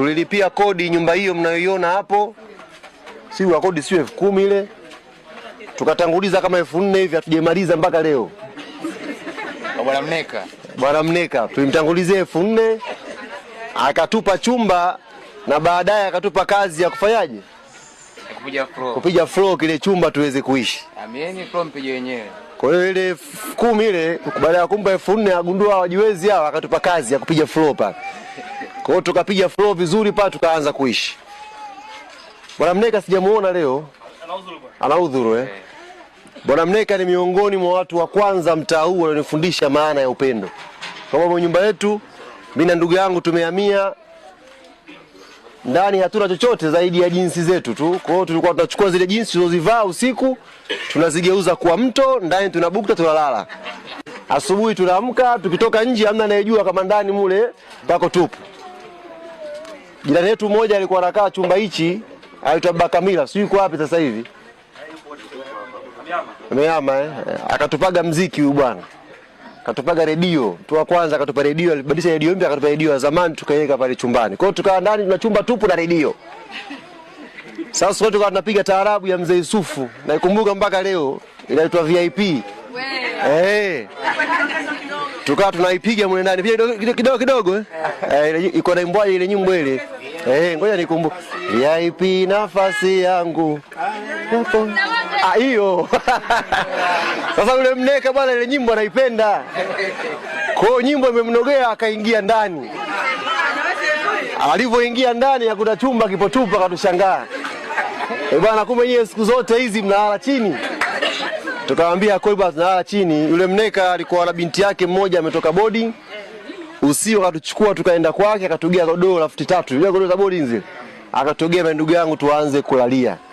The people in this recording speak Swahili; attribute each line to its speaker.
Speaker 1: tulilipia kodi nyumba hiyo mnayoiona hapo, si wa kodi sio elfu kumi ile, tukatanguliza kama elfu nne hivi, hatujamaliza mpaka leo. Bwana Mneka, Bwana Mneka tulimtangulizia elfu nne akatupa chumba na baadaye akatupa kazi ya kufanyaje, kupiga floor, kupiga floor kile chumba tuweze kuishi.
Speaker 2: Ameni floor mpige wenyewe.
Speaker 1: Kwa hiyo ile kumi ile baada ya kumpa elfu nne agundua hawajiwezi hawa, akatupa kazi ya kupiga floor pale kwa hiyo tukapiga flow vizuri pale, tukaanza kuishi. Bwana Mneka sijamuona leo, anaudhuru eh? Bwana Mneka ni miongoni mwa watu wa kwanza mtaa huu walionifundisha maana ya upendo. Kwa sababu nyumba yetu, mimi na ndugu yangu tumehamia ndani, hatuna chochote zaidi ya jinsi zetu tu. Kwa hiyo tulikuwa tunachukua zile jinsi tulizozivaa usiku, tunazigeuza kuwa mto, ndani tunabukta, tunalala. Asubuhi tunaamka, tukitoka nje hamna anayejua kama ndani mule pako tupu. Jirani yetu mmoja alikuwa anakaa chumba hichi, aitwa Bakamila, sijui yuko wapi sasa hivi, ameama eh. Akatupaga mziki huyu bwana, akatupaga redio tu, wa kwanza akatupa redio, alibadilisha redio mpya, akatupa redio ya zamani, tukaiweka pale chumbani. Kwa hiyo tukawa ndani na chumba tupu na redio. Sasa tukawa tunapiga taarabu ya mzee Yusufu, naikumbuka mpaka leo, inaitwa VIP. eh tukawa tunaipiga mule ndani kidogo kidogo eh. eh. eh iko na naimbwaje ile nyimbo ile eh, ngoja nikumbu yaipi nafasi yangu ah, hiyo sasa. Yule mneka bwana, ile nyimbo anaipenda, kwa hiyo nyimbo imemnogea akaingia ndani. Alivyoingia ndani akuta chumba kipotupa, katushangaa. E eh, bwana, kumbe nyie siku zote hizi mnalala chini. Tukamwambia Koiba tunalala chini. Yule mneka alikuwa na binti yake mmoja ametoka bodi. Usio akatuchukua tukaenda kwake akatugea godoro la futi tatu. Ile godoro za bodi nzile. Akatugea ndugu yangu tuanze kulalia.